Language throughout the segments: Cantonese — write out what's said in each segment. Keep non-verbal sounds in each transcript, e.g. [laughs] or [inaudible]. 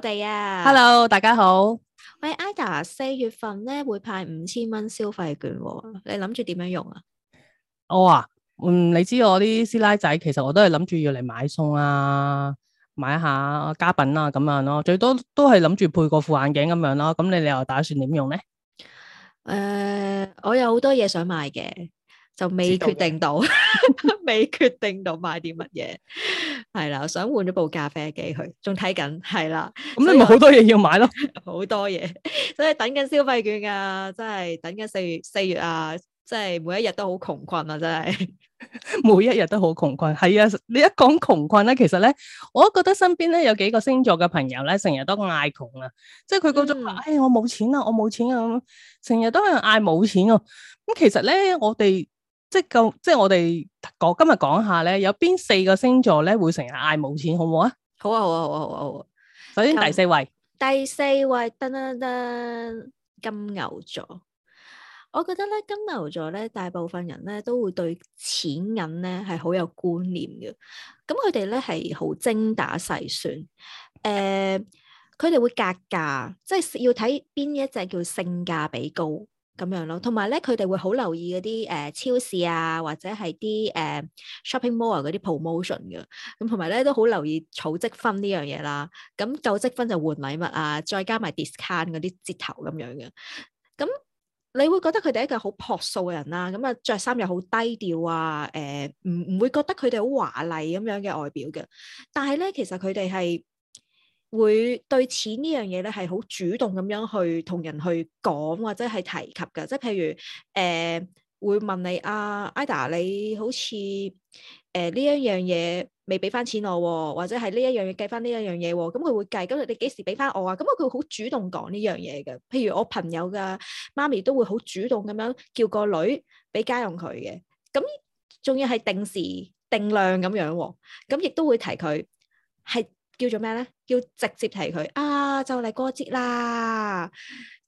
哋啊，Hello，大家好。喂，Ida，四月份咧會派五千蚊消費券，哦，你諗住點樣用啊？我、哦、啊，嗯，你知我啲師奶仔，其實我都係諗住要嚟買餸啊，買下家品啊咁樣咯，啊。最多都係諗住配個副眼鏡咁樣咯，啊。咁你你又打算點用咧？誒、呃，我有好多嘢想買嘅，就未決定到，未道 [laughs] 決定到買啲乜嘢。係啦，我想換咗部咖啡機去，仲，睇緊，係啦。咁、嗯、你咪好多嘢要買咯，好 [laughs] 多嘢，所以等緊消費券噶、啊，真係等緊四月四月啊，即係每一日都好窮困啊，真係。每一日都好窮困，係啊！你一講窮困咧，其實咧，我都覺得身邊咧有幾個星座嘅朋友咧，成日都嗌窮啊，即係佢嗰種話，嗯、哎我冇錢啊，我冇錢啊咁，成日都係嗌冇錢啊。咁、啊、其實咧，我哋。即係咁，即係我哋講今日講下咧，有邊四個星座咧會成日嗌冇錢，好唔好啊？好啊，好啊，好啊，好啊，好啊！首先第四位，嗯，第四位，噔噔噔，金牛座。我覺得咧，金牛座咧，大部分人咧都會對錢銀咧係好有觀念嘅。咁佢哋咧係好精打細算。誒、呃，佢哋會格價，即係要睇邊一隻叫性價比高，咁樣咯，同埋咧，佢哋會好留意嗰啲誒超市啊，或者係啲誒、呃、shopping mall 嗰啲 promotion 嘅，咁同埋咧都好留意儲積分呢樣嘢啦。咁夠積分就換禮物啊，再加埋 discount 嗰啲折頭咁樣嘅。咁你會覺得佢哋係一個好樸素嘅人啦。咁啊，著衫又好低調啊，誒唔唔會覺得佢哋好華麗咁樣嘅外表嘅。但係咧，其實佢哋係會對錢呢樣嘢咧係好主動咁樣去同人去講或者係提及㗎，即係譬如誒、呃、會問你阿 Ida 你好似誒呢一樣嘢未俾翻錢我喎、哦，或者係呢一樣嘢計翻呢一樣嘢喎，咁佢會計，咁你幾時俾翻我啊？咁啊佢好主動講呢樣嘢嘅，譬如我朋友嘅媽咪都會好主動咁樣叫個女俾家用佢嘅，咁仲要係定時定量咁樣喎、哦，咁亦都會提佢係。叫做咩咧？叫直接提佢啊！就嚟過節啦，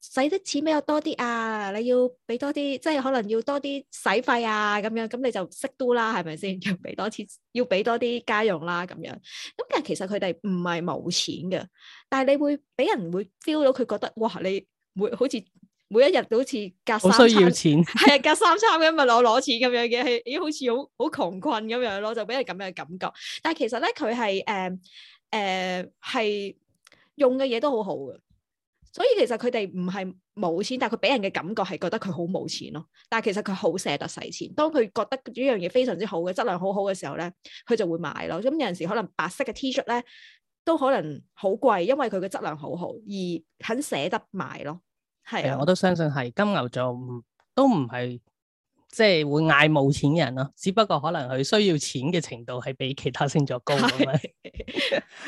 使得錢比較多啲啊！你要俾多啲，即係可能要多啲使費啊，咁樣咁你就識都啦，係咪先？要俾多錢，要俾多啲家用啦，咁樣。咁但係其實佢哋唔係冇錢嘅，但係你會俾人會 feel 到佢覺得哇！你每好似每一日都好似隔三餐，係啊， [laughs] 隔三餐咁咪攞攞錢咁樣嘅，咦、欸？好似好好窮困咁樣咯，就俾人咁樣嘅感覺。但係其實咧，佢係誒。嗯誒係、呃、用嘅嘢都好好嘅，所以其實佢哋唔係冇錢，但係佢俾人嘅感覺係覺得佢好冇錢咯。但係其實佢好捨得使錢，當佢覺得呢樣嘢非常之好嘅質量好好嘅時候咧，佢就會買咯。咁、嗯、有陣時可能白色嘅 T 恤咧都可能好貴，因為佢嘅質量好好而肯捨得買咯。係、啊嗯、我都相信係金牛座都唔係。即係會嗌冇錢人咯，只不過可能佢需要錢嘅程度係比其他星座高，係咪？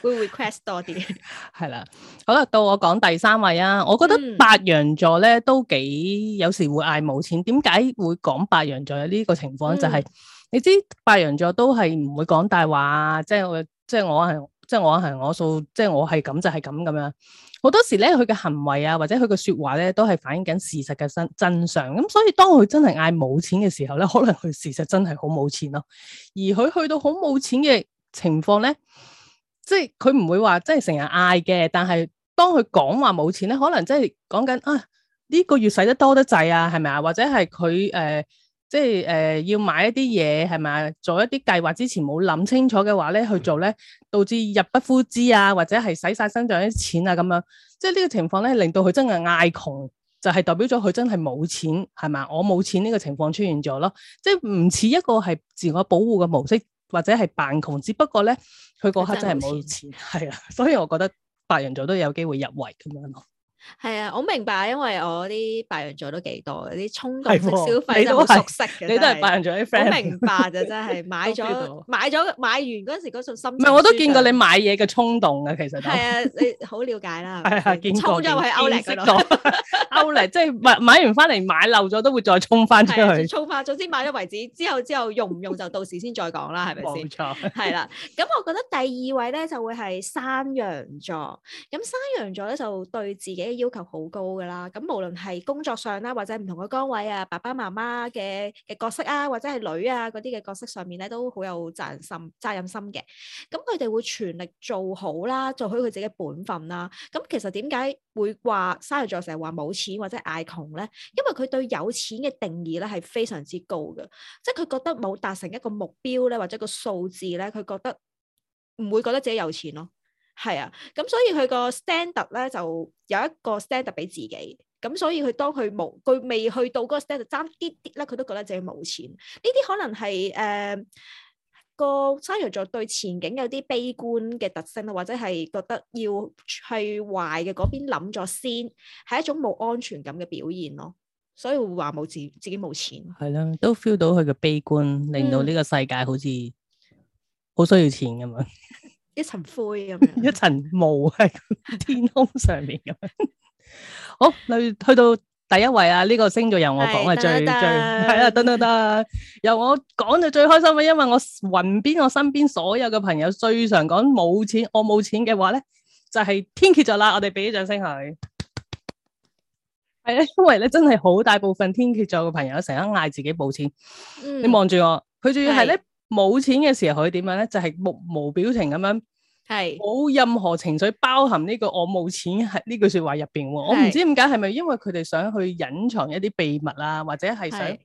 會 request 多啲。係啦，好啦，到我講第三位啊，我覺得白羊座咧都幾有時會嗌冇錢。點解會講白羊座有呢個情況？ [laughs] 就係你知白羊座都係唔會講大話，即係即係我係。即係我係我數，即係我係咁就係咁咁樣。好多時咧，佢嘅行為啊，或者佢嘅說話咧，都係反映緊事實嘅真真相。咁、嗯、所以當佢真係嗌冇錢嘅時候咧，可能佢事實真係好冇錢咯。而佢去到好冇錢嘅情況咧，即係佢唔會話真係成日嗌嘅。但係當佢講話冇錢咧，可能真係講緊啊呢、呢個月使得多得滯啊，係咪啊？或者係佢誒。呃即係誒、呃、要買一啲嘢係咪啊？做一啲計劃之前冇諗清楚嘅話咧，去做咧，導致入不敷支啊，或者係使晒身上啲錢啊咁樣。即係呢個情況咧，令到佢真係嗌窮，就係、是、代表咗佢真係冇錢係咪啊？我冇錢呢個情況出現咗咯。即係唔似一個係自我保護嘅模式，或者係扮窮，只不過咧，佢嗰刻真係冇錢。係啊，所以我覺得白羊座都有機會入圍咁樣咯。係啊，我明白，因為我啲白羊座都幾多，啲衝動式消費就好熟悉嘅，你都係白羊座啲 friend，我明白就真係買咗 [laughs] 買咗買，買完嗰時嗰種心唔係，我都見過你買嘢嘅衝動啊，其實係、就、啊、是， [laughs] 你好了解啦，係係衝咗去歐力嗰度。識 [laughs] 即係買買完翻嚟買漏咗都會再衝翻出去，衝翻，總之買咗為止。之後之後用唔用就到時先再講啦，係咪先？冇錯。係啦，咁我覺得第二位咧就會係山羊座。咁山羊座咧就對自己嘅要求好高噶啦。咁無論係工作上啦，或者唔同嘅崗位啊，爸爸媽媽嘅嘅角色啊，或者係女啊嗰啲嘅角色上面咧，都好有責任心、責任心嘅。咁佢哋會全力做好啦，做好佢自己嘅本分啦。咁其實點解會話山羊座成日話冇錢？或者嗌窮咧，因為佢對有錢嘅定義咧係非常之高嘅，即係佢覺得冇達成一個目標咧，或者個數字咧，佢覺得唔會覺得自己有錢咯。係啊，咁所以佢個 standard 咧就有一個 standard 俾自己，咁所以佢當佢冇，佢未去到嗰個 standard 爭啲啲咧，佢都覺得自己冇錢。呢啲可能係誒。呃個山羊座對前景有啲悲觀嘅特性咯，或者係覺得要去壞嘅嗰邊諗咗先，係一種冇安全感嘅表現咯，所以會話冇自自己冇錢。係啦，都 feel 到佢嘅悲觀，令到呢個世界好似好需要錢咁樣，嗯、一層灰咁樣， [laughs] 一層霧喺天空上面咁樣。好，你去到。第一位啊，呢、這個星座由我講係對最噔噔噔最係啊，得得得，由我講就最開心啊，因為我雲邊我身邊所有嘅朋友最常講冇錢，我冇錢嘅話咧就係、是、天蠍座啦，我哋俾一掌聲佢係啊！嗯、 [laughs] 因為咧真係好大部分天蠍座嘅朋友成日嗌自己冇錢，你望住我，佢仲要係咧冇錢嘅時候佢點樣咧就係、是、目無，無表情咁樣。係冇任何情緒，包含呢個我冇錢係呢句說話入邊喎，我唔是知點解係咪因為佢哋想去隱藏一啲秘密啦、啊，或者係想是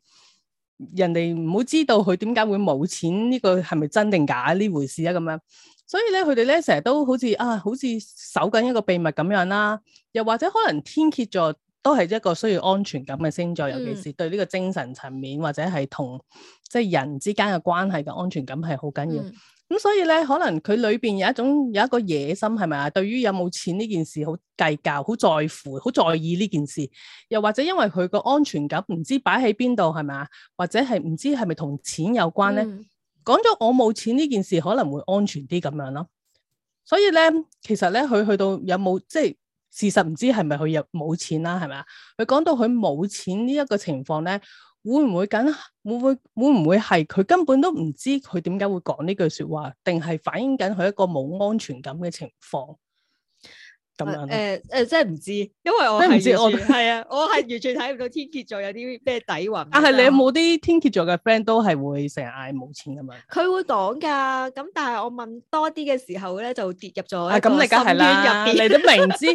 人哋唔好知道佢點解會冇錢，呢個係咪真定假呢回事啊咁樣，所以咧佢哋咧成日都好似啊，好似守緊一個秘密咁樣啦、啊，又或者可能天蠍座都係一個需要安全感嘅星座，嗯、尤其是對呢個精神層面或者係同即係人之間嘅關係嘅安全感係好緊要。嗯咁所以咧，可能佢裏邊有一種有一個野心，係咪啊？對於有冇錢呢件事好計較、好在乎、好在意呢件事，又或者因為佢個安全感唔知擺喺邊度，係咪啊？或者係唔知係咪同錢有關咧？講咗、嗯、我冇錢呢件事可能會安全啲咁樣咯。所以咧，其實咧，佢去到有冇即係？事實唔知係咪佢又冇錢啦，係咪啊？佢講到佢冇錢呢一個情況咧，會唔會緊？會會會唔會係佢根本都唔知佢點解會講呢句説話，定係反映緊佢一個冇安全感嘅情況？誒誒，真係唔知，因為我唔知我係啊，我係完全睇唔到天蠍座有啲咩底蘊。 [laughs] 但係你有冇啲天蠍座嘅 friend 都係會成日嗌冇錢咁啊？佢會講噶，咁但係我問多啲嘅時候咧，就跌入咗咁、啊啊、你梗係啦， [laughs] 你都明知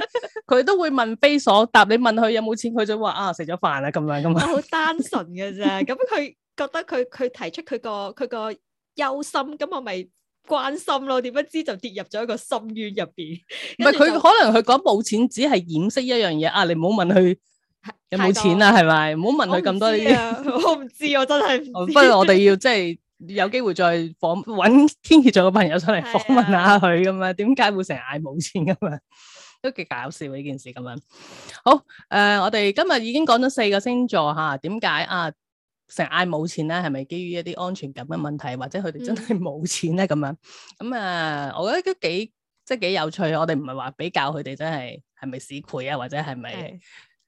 佢都會問非所答，你問佢有冇錢，佢就話啊食咗飯啦咁樣噶嘛。好單純嘅啫，咁佢 [laughs] 覺得佢佢提出佢個佢個憂心，咁我咪。關心咯，點不知就跌入咗一個深淵入邊。唔係佢可能佢講冇錢，只係掩飾一樣嘢啊！你唔好問佢有冇錢啦、啊，係咪多？唔好問佢咁多呢啲。我唔知，啊 [laughs] 我唔知，我真係。 [laughs] 不如我哋要即係、就是、有機會再訪搵天蠍座嘅朋友上嚟訪問下佢咁啊？點解會成日嗌冇錢噶嘛？ [laughs] 都幾搞笑呢件事咁啊！好誒、呃，我哋今日已經講咗四個星座吓，點解啊？啊成日嗌冇錢啦，係咪基於一啲安全感嘅問題，或者佢哋真係冇錢咧咁樣？咁啊，我覺得都幾即係幾有趣。我哋唔係話比較佢哋真係係咪市儈啊，或者係咪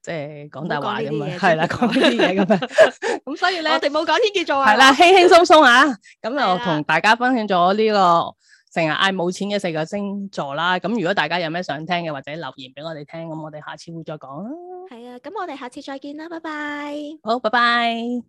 即係講大話咁樣？係啦，講呢啲嘢咁樣。咁所以咧，我哋冇講天蠍座。係啦，輕輕鬆鬆啊！咁就同大家分享咗呢個成日嗌冇錢嘅四個星座啦。咁如果大家有咩想聽嘅或者留言俾我哋聽，咁我哋下次會再講啦。係啊，咁我哋下次再見啦，拜拜。好，拜拜。